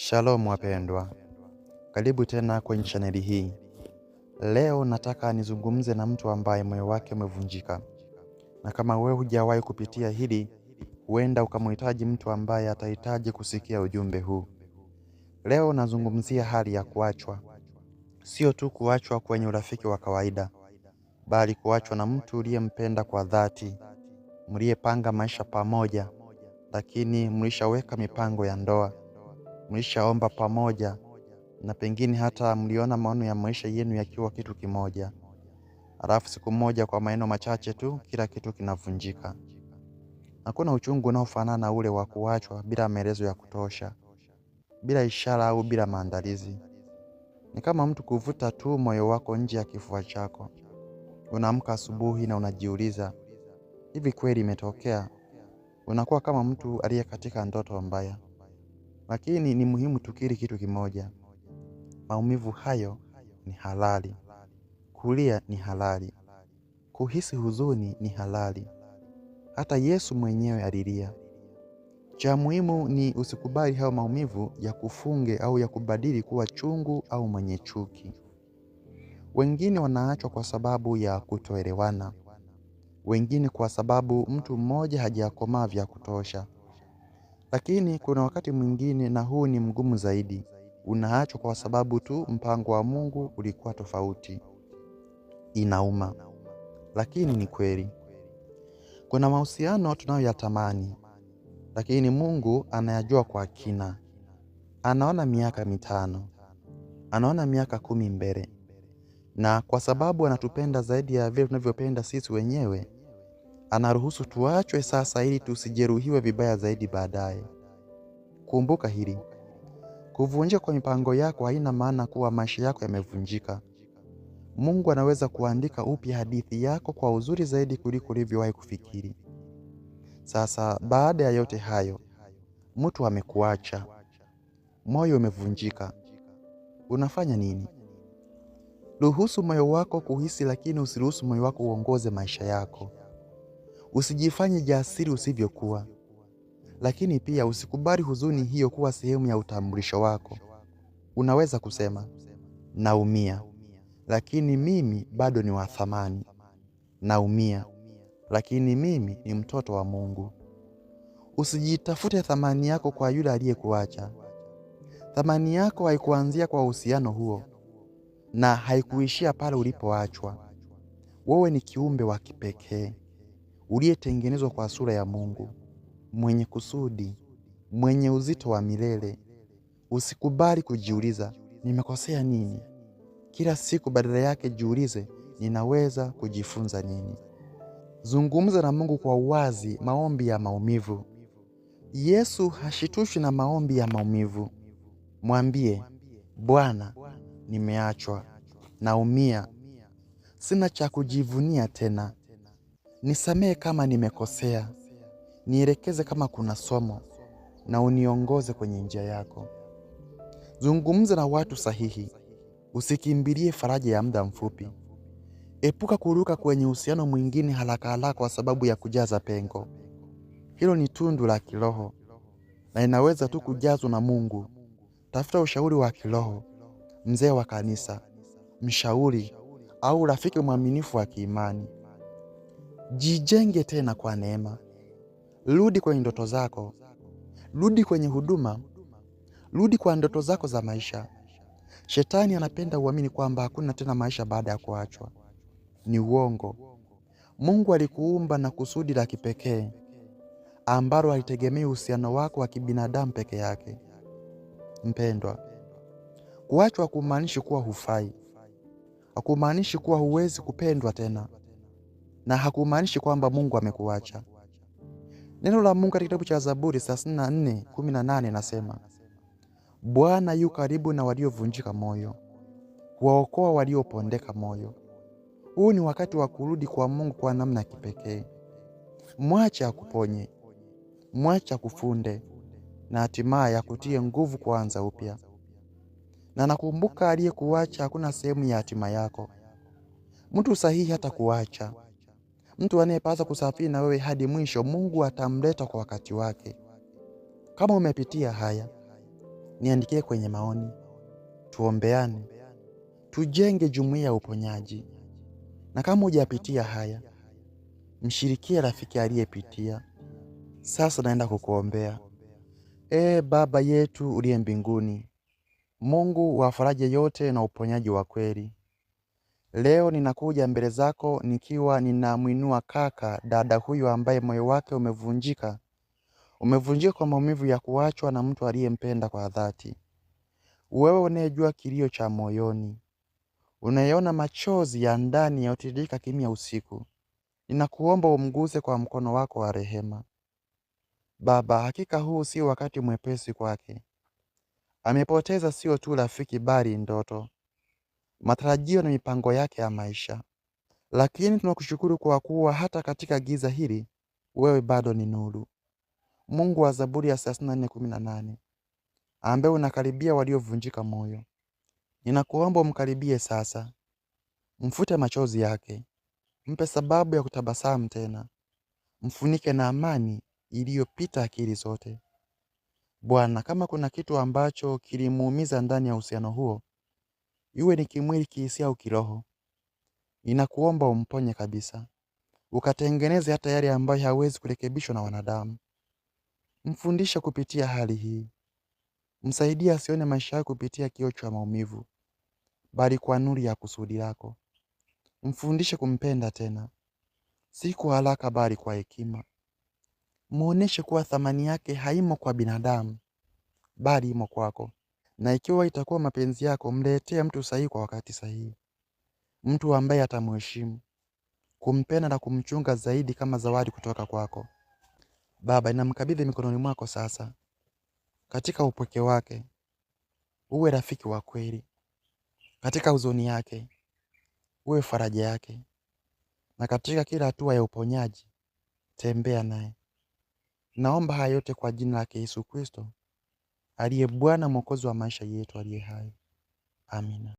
Shalom wapendwa, karibu tena kwenye chaneli hii. Leo nataka nizungumze na mtu ambaye moyo wake umevunjika, na kama wewe hujawahi kupitia hili, huenda ukamhitaji mtu ambaye atahitaji kusikia ujumbe huu. Leo nazungumzia hali ya kuachwa, sio tu kuachwa kwenye urafiki wa kawaida, bali kuachwa na mtu uliyempenda kwa dhati, mliyepanga maisha pamoja, lakini mlishaweka mipango ya ndoa mlishaomba pamoja na pengine hata mliona maono ya maisha yenu yakiwa kitu kimoja, alafu siku moja kwa maneno machache tu kila kitu kinavunjika. Hakuna uchungu unaofanana na ule wa kuachwa bila maelezo ya kutosha, bila ishara au bila maandalizi. Ni kama mtu kuvuta tu moyo wako nje ya kifua chako. Unaamka asubuhi na unajiuliza, hivi kweli imetokea? Unakuwa kama mtu aliye katika ndoto mbaya. Lakini ni muhimu tukiri kitu kimoja, maumivu hayo ni halali, kulia ni halali, kuhisi huzuni ni halali. Hata Yesu mwenyewe alilia. Cha muhimu ni usikubali hayo maumivu ya kufunge au ya kubadili kuwa chungu au mwenye chuki. Wengine wanaachwa kwa sababu ya kutoelewana, wengine kwa sababu mtu mmoja hajakomaa vya kutosha. Lakini kuna wakati mwingine, na huu ni mgumu zaidi, unaachwa kwa sababu tu mpango wa Mungu ulikuwa tofauti. Inauma, lakini ni kweli. Kuna mahusiano tunayoyatamani, lakini Mungu anayajua kwa kina. Anaona miaka mitano, anaona miaka kumi mbele, na kwa sababu anatupenda zaidi ya vile tunavyopenda sisi wenyewe anaruhusu tuachwe sasa, ili tusijeruhiwe vibaya zaidi baadaye. Kumbuka hili, kuvunjika kwa mipango yako haina maana kuwa maisha yako yamevunjika. Mungu anaweza kuandika upya hadithi yako kwa uzuri zaidi kuliko ulivyowahi kufikiri. Sasa baada ya yote hayo, mtu amekuacha, moyo umevunjika, unafanya nini? Ruhusu moyo wako kuhisi, lakini usiruhusu moyo wako uongoze maisha yako. Usijifanye jasiri usivyokuwa, lakini pia usikubali huzuni hiyo kuwa sehemu ya utambulisho wako. Unaweza kusema naumia, lakini mimi bado ni wa thamani. Naumia, lakini mimi ni mtoto wa Mungu. Usijitafute thamani yako kwa yule aliyekuacha. Thamani yako haikuanzia kwa uhusiano huo na haikuishia pale ulipoachwa. Wewe ni kiumbe wa kipekee uliyetengenezwa kwa sura ya Mungu, mwenye kusudi, mwenye uzito wa milele. Usikubali kujiuliza nimekosea nini. Kila siku badala yake jiulize ninaweza kujifunza nini. Zungumza na Mungu kwa uwazi. Maombi ya maumivu. Yesu hashitushwi na maombi ya maumivu. Mwambie Bwana, nimeachwa, naumia, sina cha kujivunia tena. Nisamehe kama nimekosea, nielekeze kama kuna somo, na uniongoze kwenye njia yako. Zungumza na watu sahihi, usikimbilie faraja ya muda mfupi. Epuka kuruka kwenye uhusiano mwingine haraka haraka kwa sababu ya kujaza pengo. Hilo ni tundu la kiroho na inaweza tu kujazwa na Mungu. Tafuta ushauri wa kiroho, mzee wa kanisa, mshauri au rafiki mwaminifu wa kiimani. Jijenge tena kwa neema, rudi kwenye ndoto zako, rudi kwenye huduma, rudi kwa ndoto zako za maisha. Shetani anapenda uamini kwamba hakuna tena maisha baada ya kuachwa. Ni uongo. Mungu alikuumba na kusudi la kipekee ambalo halitegemei uhusiano wako wa kibinadamu peke yake. Mpendwa, kuachwa hakumaanishi kuwa hufai, hakumaanishi kuwa huwezi kupendwa tena na hakumaanishi kwamba Mungu amekuacha. Neno la Mungu katika kitabu cha Zaburi 34:18 nasema, Bwana yu karibu na waliovunjika moyo, kuwaokoa waliopondeka moyo. Huu ni wakati wa kurudi kwa Mungu kwa namna ya kipekee. Mwache akuponye, mwache akufunde, na hatimaye akutie nguvu kuanza upya. Na nakumbuka aliyekuacha, hakuna sehemu ya hatima yako. Mtu sahihi hata kuacha Mtu anayepaswa kusafiri na wewe hadi mwisho, Mungu atamleta kwa wakati wake. Kama umepitia haya, niandikie kwenye maoni, tuombeane, tujenge jumuiya ya uponyaji. Na kama hujapitia haya, mshirikie rafiki aliyepitia. Sasa naenda kukuombea. Ee Baba yetu uliye mbinguni, Mungu wa faraja yote na uponyaji wa kweli Leo ninakuja mbele zako nikiwa ninamwinua kaka dada huyu ambaye moyo wake umevunjika, umevunjika kwa maumivu ya kuachwa na mtu aliyempenda kwa dhati. Wewe unayejua kilio cha moyoni, unayeona machozi ya ndani yanayotiririka kimya usiku, ninakuomba umguse kwa mkono wako wa rehema. Baba, hakika huu si wakati mwepesi kwake. Amepoteza sio tu rafiki, bali ndoto matarajio na mipango yake ya maisha. Lakini tunakushukuru kwa kuwa hata katika giza hili wewe bado ni nuru. Mungu wa Zaburi ya 34:18 ambaye unakaribia waliovunjika moyo, ninakuomba umkaribie sasa, mfute machozi yake, mpe sababu ya kutabasamu tena, mfunike na amani iliyopita akili zote. Bwana, kama kuna kitu ambacho kilimuumiza ndani ya uhusiano huo, iwe ni kimwili, kihisia au kiroho. Inakuomba umponye kabisa, ukatengeneze hata yale ambayo hawezi kurekebishwa na wanadamu. Mfundishe kupitia hali hii, msaidie asione maisha yake kupitia kioo cha maumivu, bali kwa nuru ya kusudi lako. Mfundishe kumpenda tena, si kwa haraka, bali kwa hekima. Muoneshe kuwa thamani yake haimo kwa binadamu, bali imo kwako na ikiwa itakuwa mapenzi yako, mletee mtu sahihi kwa wakati sahihi, mtu ambaye atamheshimu, kumpenda na kumchunga zaidi kama zawadi kutoka kwako. Baba, ninamkabidhi mikononi mwako sasa, katika upweke wake uwe rafiki wa kweli, katika huzuni yake uwe faraja yake, na katika kila hatua ya uponyaji tembea naye. Naomba haya yote kwa jina lake Yesu Kristo aliye Bwana mwokozi wa maisha yetu aliye hai. Amina.